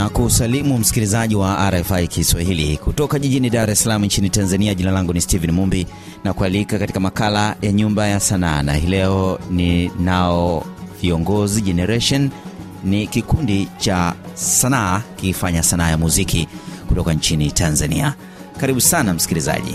na kusalimu msikilizaji wa RFI Kiswahili kutoka jijini Dar es Salaam nchini Tanzania. Jina langu ni Steven Mumbi na kualika katika makala ya Nyumba ya Sanaa, na hii leo ninao viongozi Generation, ni kikundi cha sanaa kifanya sanaa ya muziki kutoka nchini Tanzania. Karibu sana msikilizaji,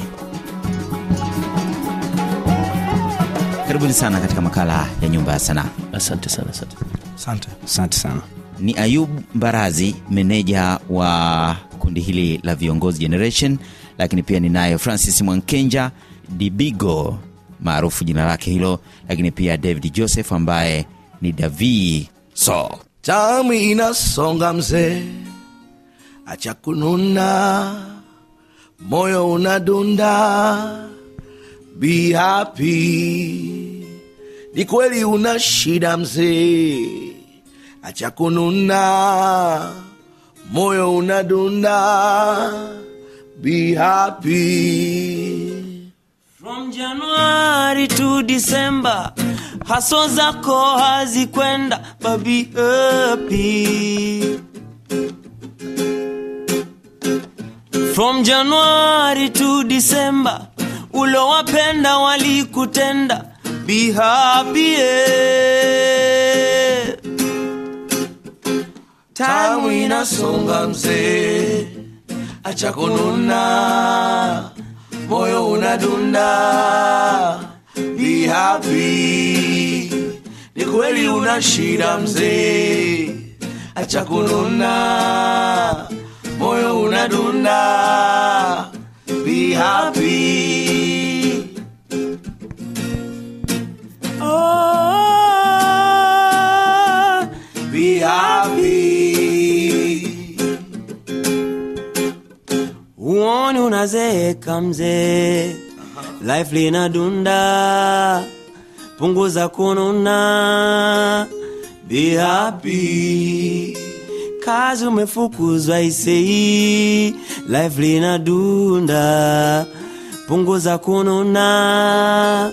karibuni sana katika makala ya Nyumba ya Sanaa. Asante sana, asante. Asante sana. Ni Ayub Mbarazi, meneja wa kundi hili la Viongozi Generation, lakini pia ninaye Francis Mwankenja Dibigo maarufu jina lake hilo, lakini pia David Joseph ambaye ni Davi So. tami inasonga mzee, acha kununa, moyo unadunda, bihapi Ni kweli una shida mzee acha kununa, moyo unadunda, be happy. From January to December, haso zako hazikwenda, but be happy. From January to December, ulowapenda walikutenda, be happy. Yeah. tamu inasonga mzee, acha kununa, moyo unadunda. Be happy, ni kweli una shida mzee, acha moyo unadunda. Be happy. Oh. Naoni unazeeka mzee, life lina dunda, punguza kununa, be happy. Kazi umefukuzwa isei, life lina dunda, punguza kununa,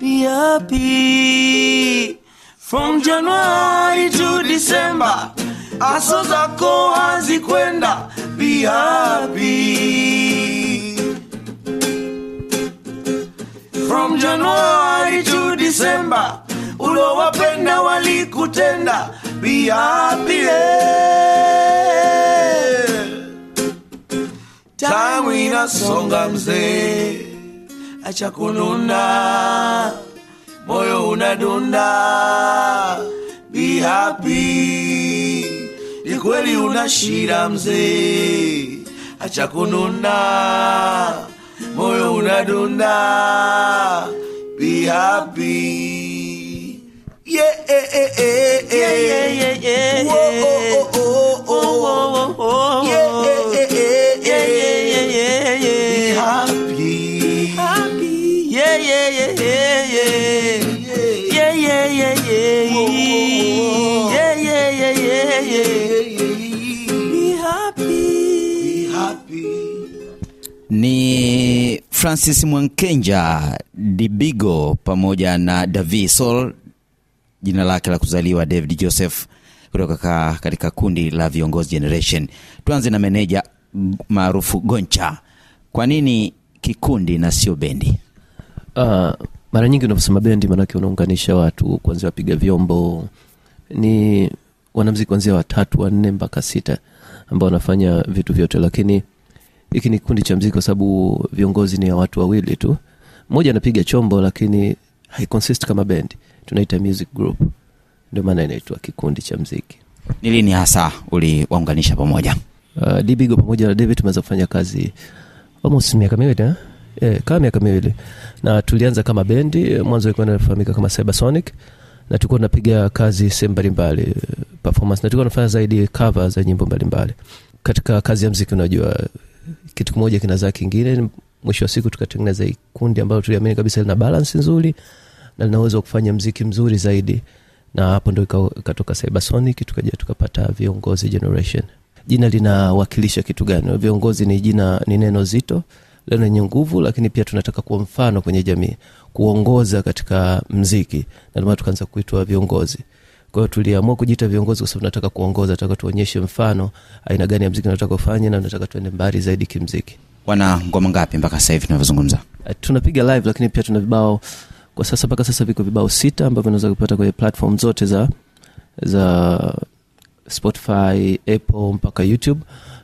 be happy. From January to December, aso zako hazikwenda, be happy. from January to December, ulowapenda walikutenda, be happy. Time inasonga mzee, acha kununa, moyo unadunda, be happy. Ni kweli una shida mzee, acha kununa moyo unadunda, be happy. Yeah, eh, eh, eh, yeah, yeah, yeah, yeah, yeah, yeah, yeah, yeah, yeah, ni Francis Mwankenja Dibigo pamoja na Davi Sol, jina lake la kuzaliwa David Joseph, kutoka katika kundi la Viongozi Generation. Tuanze na meneja maarufu Goncha. Kwa nini kikundi na sio bendi? Uh, mara nyingi unavyosema bendi, maanake unaunganisha watu kuanzia wapiga vyombo, ni wanamuziki kuanzia watatu wanne mpaka sita ambao wanafanya vitu vyote, lakini hiki ni kikundi cha mziki kwa sababu viongozi ni ya watu wawili tu mmoja anapiga chombo lakini haiconsist kama bendi tunaita music group ndio maana inaitwa kikundi cha mziki ni lini hasa uliwaunganisha pamoja uh, dbigo pamoja na david tumeweza kufanya kazi almost miaka miwili eh? yeah, kama miaka miwili na tulianza kama bendi mwanzo ilikuwa inafahamika kama cybersonic na tulikuwa tunapiga kazi sehemu mbalimbali performance na tulikuwa tunafanya zaidi cover za nyimbo mbalimbali katika kazi ya mziki unajua kitu kimoja kinazaa kingine mwisho wa siku tukatengeneza kundi ambalo tuliamini kabisa lina balance nzuri na linaweza kufanya mziki mzuri zaidi na hapo ndo ikatoka cybersonic tukaja tukapata viongozi generation jina linawakilisha kitu gani viongozi ni jina ni neno zito lenye nguvu lakini pia tunataka kuwa mfano kwenye jamii kuongoza katika mziki na tukaanza kuitwa viongozi kwao tuliamua kujita viongozi kwa sababu tunataka kuongoza, nataka tuonyeshe mfano aina gani ya mziki nataka ufanye, na nataka tuende mbali zaidi kimziki. Wana ngoma ngapi mpaka sasa hivi tunavyozungumza? Eh, tunapiga live, lakini pia tuna vibao kwa sasa, mpaka sasa viko vibao sita ambavyo unaweza kupata kwenye platform zote za za Spotify, Apple mpaka YouTube.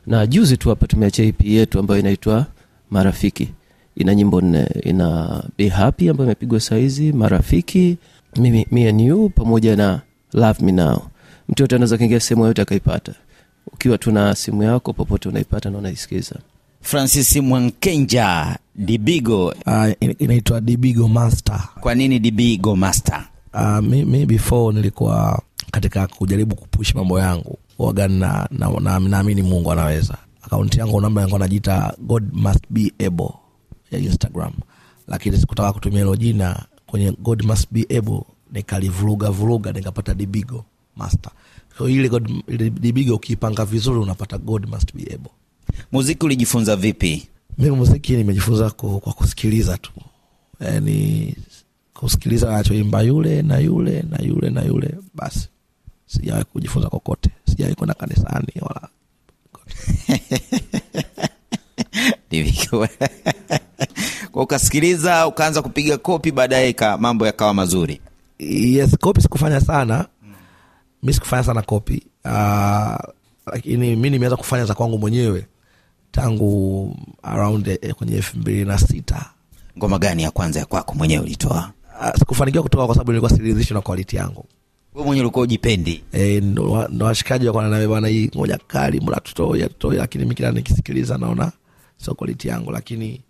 Na juzi tu hapa tumeacha EP yetu ambayo inaitwa Marafiki, ina nyimbo nne, ina Be ambayo imepigwa sahizi Marafiki, mi, mi and You pamoja na love me now mtoto anaweza kaingia sehemu yoyote akaipata ukiwa tuna simu yako popote unaipata na unaisikiza francis mwankenja dibigo uh, inaitwa dibigo master kwa nini dibigo master uh, ah, mi, mi before nilikuwa katika kujaribu kupushi mambo yangu wagani naamini na, na, na, mungu anaweza akaunti yangu namba yangu anajiita god must be able ya instagram lakini sikutaka kutumia hilo jina kwenye god must be able nikalivuruga vuruga nikapata dibigo master. So ile dibigo ukiipanga vizuri unapata God must be able. Muziki ulijifunza vipi? Mimi muziki nimejifunza kwa, kusikiliza tu, yani kusikiliza anachoimba yule na yule na yule na yule basi. Sijawahi kujifunza kokote, sijawahi kwenda kanisani wala kwa ukasikiliza ukaanza kupiga kopi, baadaye mambo yakawa mazuri yes, kopi sikufanya sana mm. mi sikufanya sana kopi uh, lakini mi nimeweza kufanya za kwangu mwenyewe tangu around eh, kwenye elfu mbili na sita. Ngoma gani ya kwanza ya kwako mwenyewe ulitoa? Uh, sikufanikiwa kutoka kwa sababu nilikuwa siridhishwi na quality yangu. Wewe mwenyewe ulikuwa ujipendi. Eh, ndo washikaji wako na bana, hii ngoja kali mla tutoe tutoe, lakini mimi kila nikisikiliza naona sio quality yangu, lakini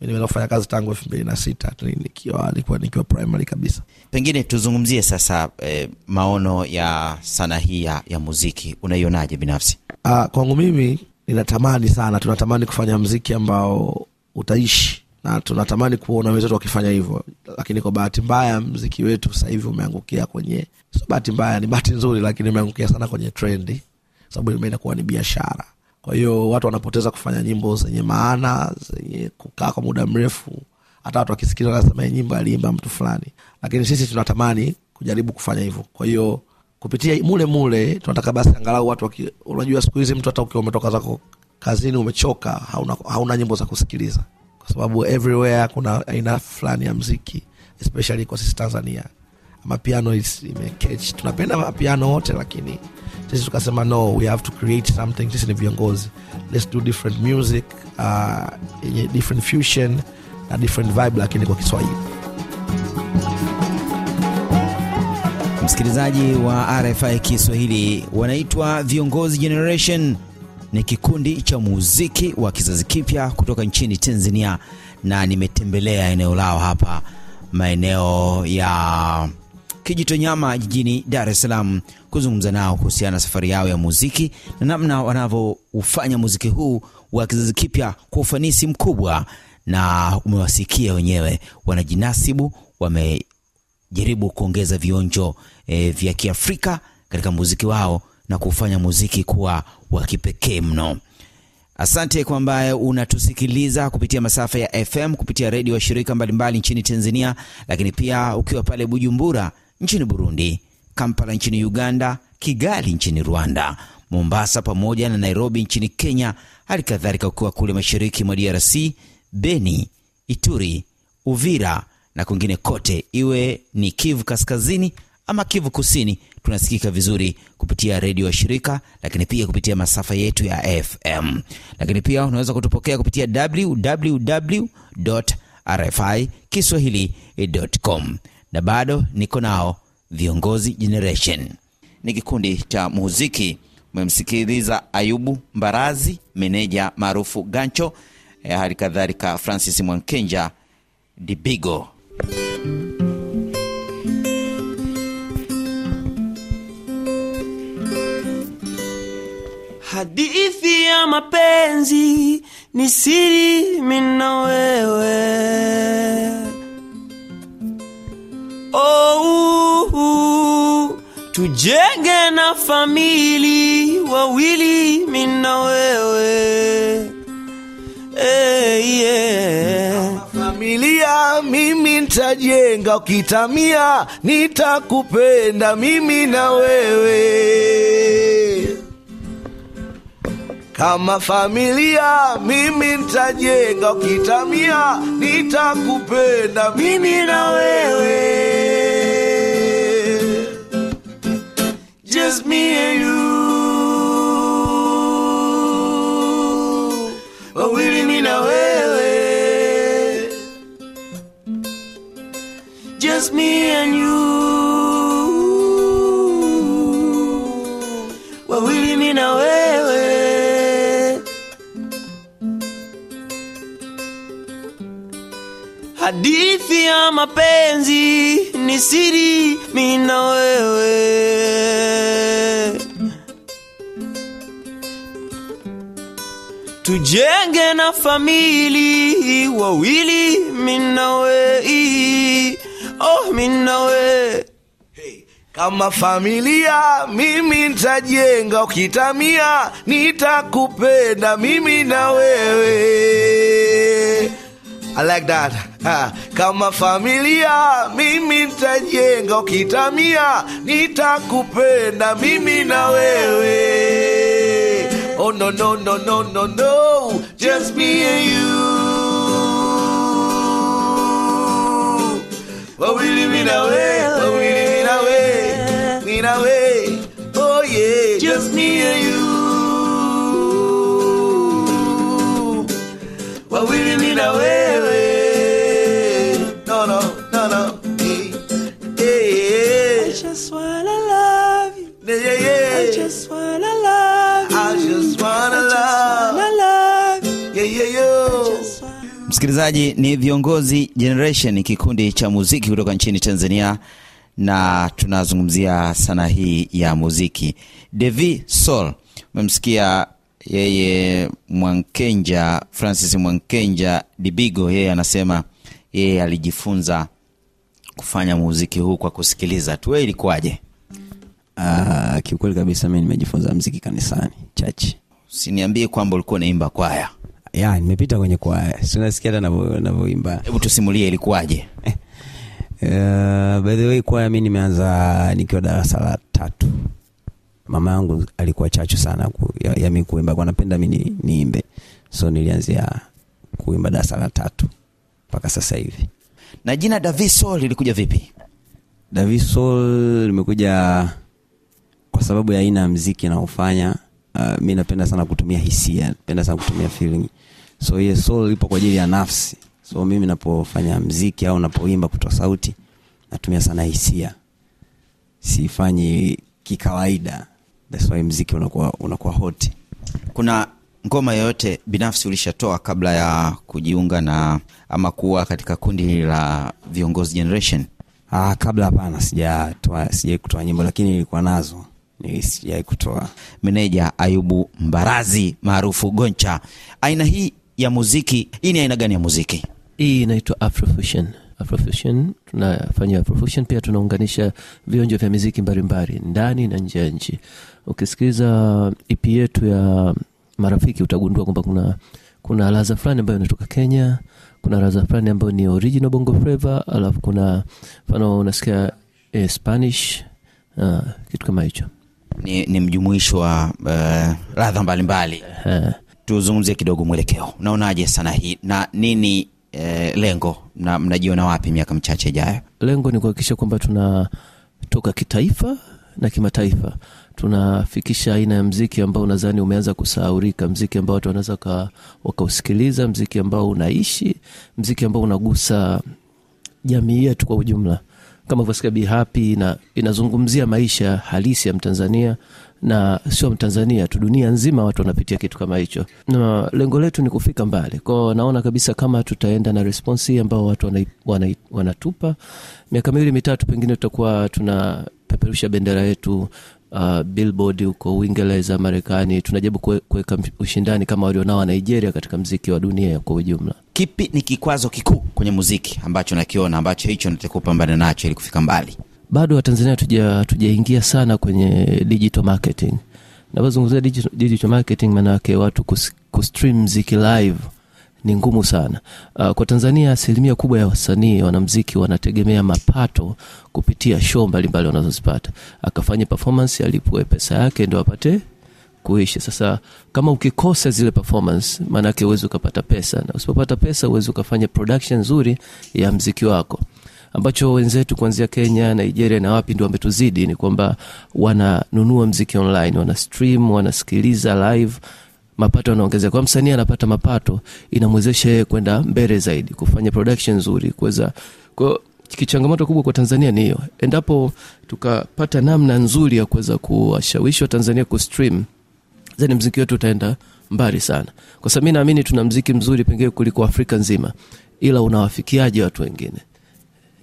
mi nimeweza kufanya kazi tangu elfu mbili na sita nikiwa alikuwa nikiwa primary kabisa. Pengine tuzungumzie sasa eh, maono ya sanaa hii ya, ya muziki unaionaje binafsi? Ah, kwangu mimi ninatamani sana, tunatamani kufanya mziki ambao utaishi na tunatamani kuona wenzetu wakifanya hivyo, lakini kwa bahati mbaya mziki wetu sasa hivi umeangukia kwenye, sio bahati mbaya, ni bahati nzuri, lakini umeangukia sana kwenye trendi, sababu kuwa ni biashara kwa hiyo watu wanapoteza kufanya nyimbo zenye maana, zenye kukaa kwa muda mrefu. Hata watu wakisikiliza wanasema hii eh, nyimbo aliimba mtu fulani, lakini sisi tunatamani kujaribu kufanya hivyo. Kwa hiyo kupitia mule mule tunataka basi angalau watu waki, unajua siku hizi mtu hata ukiwa umetoka zako kazini umechoka, hauna, hauna nyimbo za kusikiliza kwa sababu everywhere kuna aina fulani ya mziki especially kwa sisi Tanzania. Mapiano imecatch, tunapenda mapiano wote lakini sisi tukasema no we have to create something sisi ni viongozi let's do different music uh, yenye uh, different fusion na different vibe lakini kwa kiswahili msikilizaji wa rfi kiswahili wanaitwa viongozi generation ni kikundi cha muziki wa kizazi kipya kutoka nchini tanzania na nimetembelea eneo lao hapa maeneo ya Kijitonyama jijini Dar es Salaam kuzungumza nao kuhusiana na safari yao ya muziki na namna wanavyoufanya muziki huu wa kizazi kipya kwa ufanisi mkubwa, na umewasikia wenyewe, wanajinasibu, wamejaribu kuongeza vionjo e, vya Kiafrika katika muziki wao na kufanya muziki kuwa wa kipekee mno. Asante kwa ambaye unatusikiliza kupitia masafa ya FM kupitia redio wa shirika mbalimbali nchini Tanzania, lakini pia ukiwa pale Bujumbura nchini Burundi, Kampala nchini Uganda, Kigali nchini Rwanda, Mombasa pamoja na Nairobi nchini Kenya, hali kadhalika ukiwa kule mashariki mwa DRC, Beni, Ituri, Uvira na kwingine kote, iwe ni Kivu kaskazini ama Kivu kusini, tunasikika vizuri kupitia redio ya shirika, lakini pia kupitia masafa yetu ya FM. Lakini pia unaweza kutupokea kupitia www rfi kiswahili.com na bado niko nao Viongozi Generation ni kikundi cha muziki. Mmemsikiliza Ayubu Mbarazi, meneja maarufu Gancho, eh, hali kadhalika Francis Mwankenja Dibigo. Hadithi ya mapenzi ni siri, mina wewe oh, uh, uh, tujenge na famili wawili mina wewe hey, eh, yeah. Familia mimi ntajenga, ukitamia nitakupenda mimi na wewe kama familia mimi ntajenga, ukitamia nitakupenda mimi na wewe. just me and you. But we didn't mean no way. Just me and you. But we didn't mean no way. Hadithi ya mapenzi ni siri, mina wewe. tujenge na famili wawili minawe oh minawe kama familia mimi ntajenga ukitamia nitakupenda mimi na wewe. I like that. Ha. Kama familia mimi ntajenga ukitamia nitakupenda mimi na wewe. Oh no no no no no no, just me and you. What we live in our way, What we live in our way, in our way. Oh yeah, just me and you. What we live in our way. Msikilizaji, ni Viongozi Generation, kikundi cha muziki kutoka nchini Tanzania, na tunazungumzia sana hii ya muziki. Devi Sol, umemsikia yeye, Mwankenja Francis Mwankenja Dibigo, yeye anasema yeye alijifunza kufanya muziki huu kwa kusikiliza tu. Wewe ilikuwaje? Uh, kiukweli kabisa mi nimejifunza mziki kanisani chachi. siniambie kwamba ulikuwa unaimba kwaya ya nimepita kwenye kwaya, si unasikia hata navyoimba. Hebu tusimulie ilikuwaje? Uh, by the way kwaya mi nimeanza nikiwa darasa la tatu. Mama yangu alikuwa chachu sana ku, ya, ya mi kuimba kwa napenda mi niimbe, ni so nilianzia kuimba darasa la tatu mpaka sasa hivi. Na jina Daviso lilikuja vipi? Daviso limekuja kwa sababu ya aina ya mziki naofanya. Uh, ah, mi napenda sana kutumia hisia, napenda sana kutumia feeling so hiyo soul ipo kwa ajili ya nafsi so mimi napofanya mziki au napoimba kutoa sauti natumia sana hisia sifanyi kikawaida that's why mziki unakuwa, unakuwa hoti kuna ngoma yoyote binafsi ulishatoa kabla ya kujiunga na ama kuwa katika kundi hili la viongozi generation ah, kabla hapana sijai kutoa nyimbo lakini nilikuwa nazo sijai kutoa meneja ayubu mbarazi maarufu goncha aina hii ya muziki. Hii ni aina gani ya muziki? Hii inaitwa Afrofusion. Afrofusion tunafanya Afrofusion, pia tunaunganisha vionjo vya muziki mbalimbali ndani na nje ya nchi. Ukisikiliza EP yetu ya Marafiki utagundua kwamba kuna kuna laza fulani ambayo inatoka Kenya, kuna laza fulani ambayo ni original bongo flava, alafu kuna mfano unasikia eh, Spanish uh, kitu kama hicho. Ni, ni mjumuisho wa uh, eh, ladha mbalimbali uh, tuzungumzie kidogo mwelekeo, unaonaje sana hii na nini e, lengo na mnajiona wapi miaka michache ijayo? Lengo ni kuhakikisha kwamba tunatoka kitaifa na kimataifa, tunafikisha aina ya mziki ambao nadhani umeanza kusaurika mziki ambao watu wanaweza wakausikiliza, mziki ambao unaishi, mziki ambao unagusa jamii yetu kwa ujumla, kama vyosikia na inazungumzia maisha halisi ya Mtanzania na sio Mtanzania tu, dunia nzima watu wanapitia kitu kama hicho, na lengo letu ni kufika mbali kwao. Naona kabisa kama tutaenda na responsi hii ambao watu wana, wana, wanatupa, miaka miwili mitatu, pengine tutakuwa tunapeperusha bendera yetu Uh, billboard huko Uingereza, Marekani, tunajaribu kuweka ushindani kama walionao Nigeria katika mziki wa dunia kwa ujumla. Kipi ni kikwazo kikuu kwenye muziki ambacho nakiona ambacho hicho natakiwa kupambana nacho ili kufika mbali? bado Watanzania tujaingia sana kwenye digital marketing. Napozungumzia digital, digital marketing maana yake watu kustream mziki live ni ngumu sana. Uh, kwa Tanzania asilimia kubwa ya wasanii wanamziki wanategemea mapato kupitia show mbalimbali wanazozipata, akafanya performance, alipue pesa yake ndo apate kuishi. Sasa kama ukikosa zile performance, maanake huwezi ukapata pesa, na usipopata pesa uwezi ukafanya production nzuri ya mziki wako ambacho wenzetu kuanzia Kenya, Nigeria na wapi ndio wametuzidi, ni kwamba wananunua mziki online, wana stream, wanasikiliza live mapato yanaongezeka. Kwa msanii anapata mapato, inamwezesha yeye kwenda mbele zaidi, kufanya production nzuri, kuweza kwa kichangamoto kubwa kwa Tanzania ni hiyo. Endapo tukapata namna nzuri ya kuweza kuwashawishi wa tanzania kustream zani mziki wetu utaenda mbali sana, kwa sababu mi naamini tuna mziki mzuri pengine kuliko Afrika nzima, ila unawafikiaje watu wengine?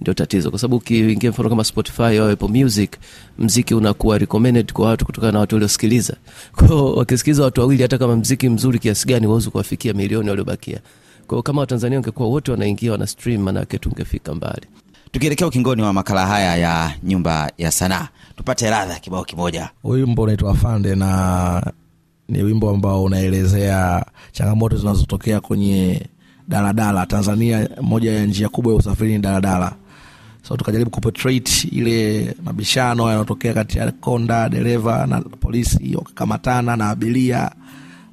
ndio tatizo, kwa sababu ukiingia mfano kama Spotify au Apple Music, mziki unakuwa recommended kwa watu kutokana na watu waliosikiliza. kwao wakisikiliza watu wawili, hata kama mziki mzuri kiasi gani, wawezi kuwafikia milioni waliobakia. kwao kama Watanzania wangekuwa wote wanaingia wana stream, manake tungefika mbali. Tukielekea ukingoni wa makala haya ya Nyumba ya Sanaa, tupate radha kibao kimoja. Wimbo unaitwa fande na ni wimbo ambao unaelezea changamoto zinazotokea kwenye daladala Tanzania. Moja ya njia kubwa ya usafiri ni daladala so tukajaribu kuportrait ile mabishano yanayotokea kati ya konda dereva na polisi, wakakamatana na abiria,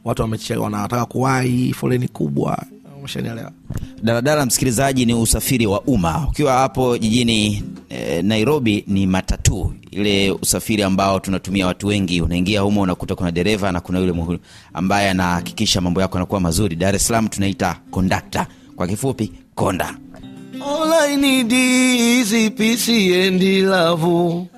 watu wanataka kuwai foleni kubwa. Umeshanielewa. Daladala, msikilizaji, ni usafiri wa umma. Ukiwa hapo jijini e, Nairobi ni matatu, ile usafiri ambao tunatumia watu wengi. Unaingia humo, unakuta kuna dereva na kuna yule ambaye anahakikisha mambo yako yanakuwa mazuri. Dar es Salaam tunaita kondakta, kwa kifupi konda. All I need is peace and love. Bombo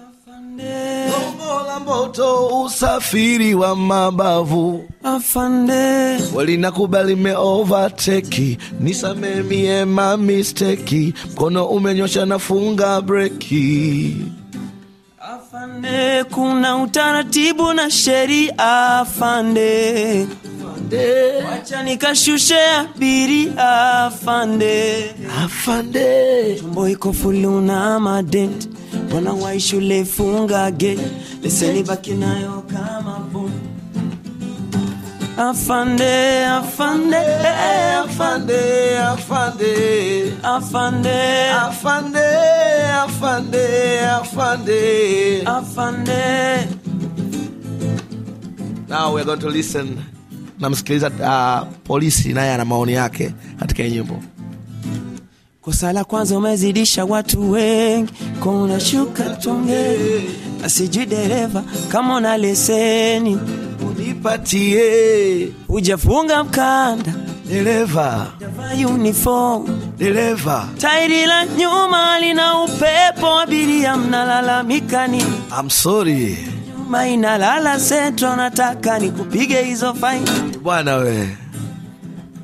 moto, usafiri wa mabavu. Afande, walinakubali me overtake, nisamehe mie ma mistake, mkono umenyosha na funga breki. Afande, kuna utaratibu na sheria afande afande, wacha nikashushe afande, afande, iko madent, bwana wai shule funga ge, leseni baki nayo kama Afande, afande, afande, afande, afande, afande, afande, afande, afande. Now we're going to listen namsikiliza uh, polisi naye ana maoni yake katika nyimbo. Kosa la kwanza umezidisha watu wengi, kuna shuka tonge asiji dereva kama una leseni unipatie, ujafunga mkanda dereva, javaa uniform dereva, tairi la nyuma lina upepo, abiria mnalalamikani, ni I'm sorry Maina lala sentro, nataka nikupige hizo faini bwana. We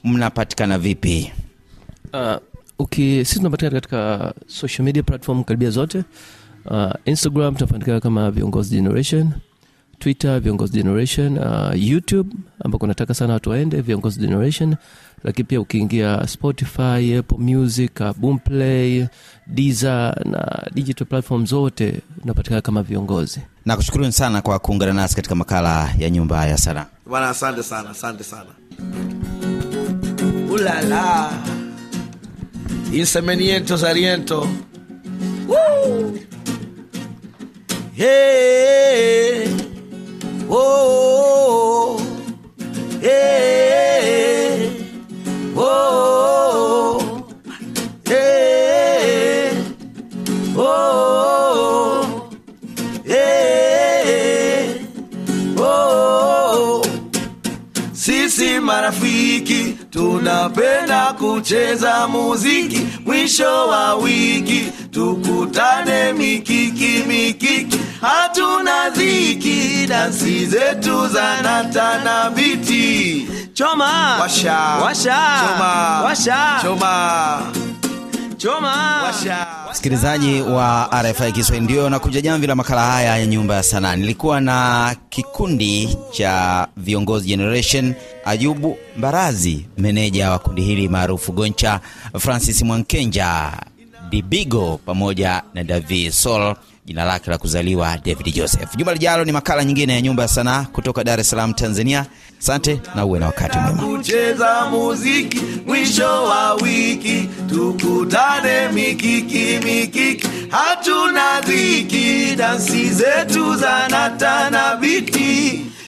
mnapatikana vipi? Uh, okay, sisi tunapatikana katika social media platform karibia zote. Uh, Instagram tunapatikana kama Viongozi Generation, Twitter Viongozi Generation, uh, YouTube ambako nataka sana watu waende Viongozi Generation lakini pia ukiingia Spotify, Apple Music, Boomplay, Deezer na digital platform zote unapatikana kama Viongozi. Nakushukuruni sana kwa kuungana nasi katika makala ya Nyumba ya Sanaa bwana. Asante sana, asante sana. Ulala insemeniento zaliento hey, oh. marafiki tunapenda kucheza muziki, mwisho wa wiki tukutane mikiki mikiki, hatuna dhiki, dansi zetu za nata na biti. Choma washa, washa, choma, washa, choma. Choma. Msikilizaji wa RFI Kiswahili, ndio nakuja jamvi la makala haya ya nyumba ya sanaa. Nilikuwa na kikundi cha viongozi Generation, Ayubu Mbarazi, meneja wa kundi hili maarufu Goncha, Francis Mwankenja, Dibigo pamoja na Davi Sol jina lake la kuzaliwa David Joseph. Juma lijalo ni makala nyingine ya Nyumba ya Sanaa kutoka Dar es Salaam, Tanzania. Asante na uwe na wakati mwema. Kucheza muziki mwisho wa wiki, tukutane mikiki mikiki, hatuna dhiki, dansi zetu za natana viti